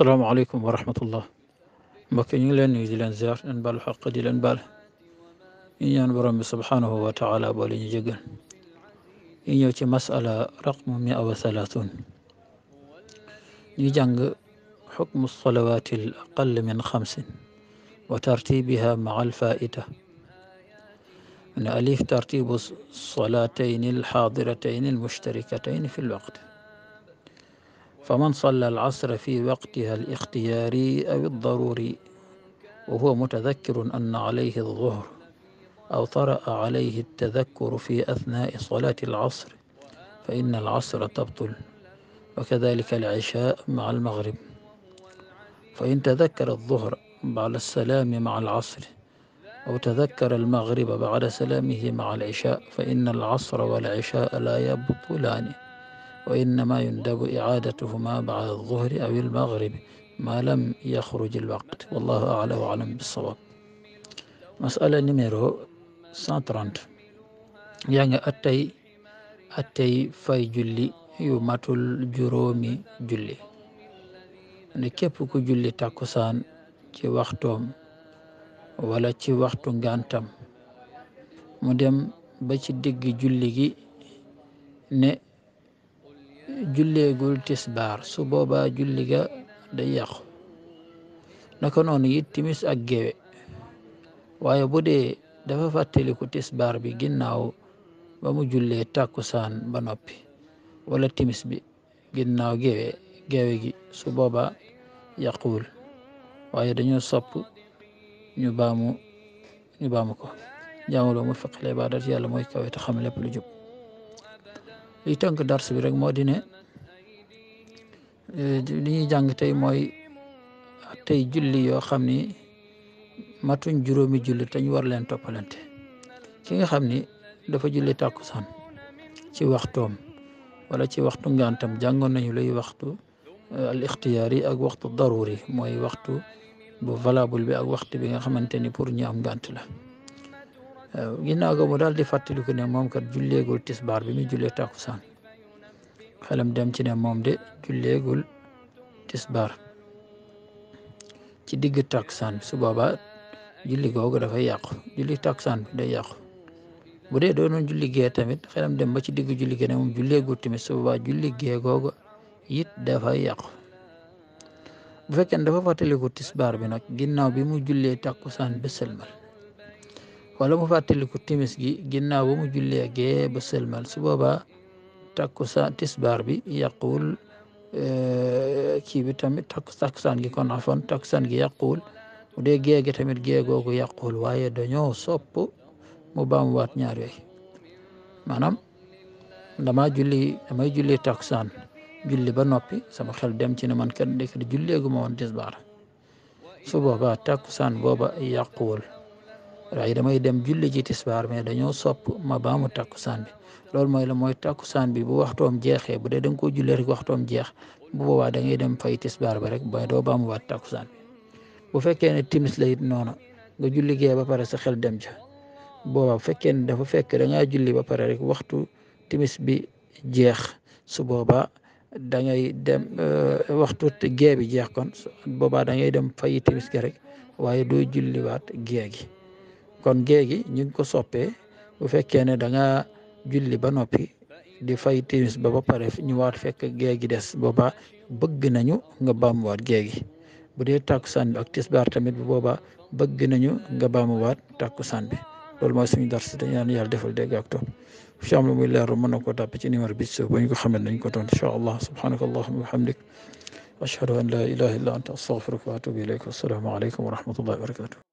السلام عليكم ورحمة الله مكين لن يجي لن زيار ان بال حق دي لن بال ان يان برمي سبحانه وتعالى بولي نجيقل ان يوتي مسألة رقم مئة وثلاثون نجان حكم الصلوات الأقل من خمس وترتيبها مع الفائدة أن أليف ترتيب الصلاتين الحاضرتين المشتركتين في الوقت فمن صلى العصر في وقتها الاختياري أو الضروري وهو متذكر أن عليه الظهر أو طرأ عليه التذكر في أثناء صلاة العصر فإن العصر تبطل وكذلك العشاء مع المغرب فإن تذكر الظهر بعد السلام مع العصر أو تذكر المغرب بعد سلامه مع العشاء فإن العصر والعشاء لا يبطلان وإنما يندب إعادتهما بعد الظهر أو المغرب ما لم يخرج الوقت والله أعلى وأعلم بالصواب مسألة نميرو 130 يعني أتي أتي في جلي يوماتل جرومي جلي يكون يعني جلي تاكوسان كي وقتهم ولا كي وقت كانتم مدم باتي ديك جلي ني julleegol tisbar so booba julliga da yaqu naka noon yittimis ak gewe waayo budee dafa fatteli ko tisbar bi ginnaaw ba mu jullee takkusaan ba noppi wala timis bi ginnaaw gewe gewe gi su booba yaquul waaye dañoo sopp ñu baamu ñu baamu ko jaamulo mu faqale ibadat yàlla mooy kawe te xam lépp lu jub li tënk dars bi rek moo di ne eh, li ñuy jàng tey mooy tey julli yoo xam ni matuñ juróomi julli te war leen toppalante ki nga xam ni dafa julli tàkkusaan ci waxtoom wala ci waxtu ngantam jàngoon nañu lay waxtu eh, al yi ak waxtu daruri mooy waxtu bu valable bi ak waxtu bi nga xamante ni pour ñu am ngant la ginnaaw ga mu daal di fàttaliku ne moom kat julleegul tisbaar bi muy jullee takusaan xelam dem ci ne moom de julleegul tisbaar ci digg takusaan bi su boobaa julli googu dafay yàqu julli takusaan bi day yàqu bu dee doonoon julli gee tamit xelam dem ba ci digg julli gee ne moom julleegul tamit su boobaa julli gee googu it dafay yàqu bu fekkee dafa fàttaliku tisbaar bi nag ginnaaw bi mu jullee takusaan ba sëlmal wala mu fàttaliku timis gi ginnaaw ba mu gee ba sëlmal su boobaa takkusaan tisbaar bi yàquwul eh, kii bi tamit takkusaan gi kon afoon takkusaan gi yàquwul bu dee gee gi tamit gee googu yàquwul waaye dañoo sopp mu baamuwaat ñaar yooyu maanaam damaa julli damay julli takkusaan julli ba noppi sama xel dem ci ne man kat ndekete julleegu ma woon tisbaar su boobaa takkusaan booba yàquwul waaye damay dem julli ji tisbaar mais dañoo sopp ma baamu saan bi loolu mooy la mooy takku takkusaan bi bu waxtoom jeexee bu dee da nga koo jullee rek jeex bu boobaa da ngay dem fay tisbaar ba rek ba baamuwaat takkusaan bi bu fekkee ne timis la it noonu nga julli gee ba pare sa xel dem ja booba bu fekkee ne dafa fekk da ngaa julli ba pare rek waxtu timis bi jeex su boobaa da dem euh, waxtu gee bi jeex kon boobaa da ngay dem fay timis gi rek waaye doo julliwaat gee gi kon géegi ñu ngi ko soppee bu fekkee ne da nga julli ba noppi di fay timis ba ba pare ñu waat fekk géegi des booba bëgg nañu nga baamuwaat géegi bu dee takkusaan bi ak tisbaar tamit bu booba bëgg nañu nga baamuwaat takkusaan bi loolu mooy suñu dars dañu naan yàlla defal dégg ak topp incha allah muy leeru mën na ko tàpp ci numéro bi suuf ba ñu ko xamee nañ ko doon incha allah subhanaka allahumma wa hamdik ashhadu an la ilaha illa anta astaghfiruka wa atubu ilayk aleykum wa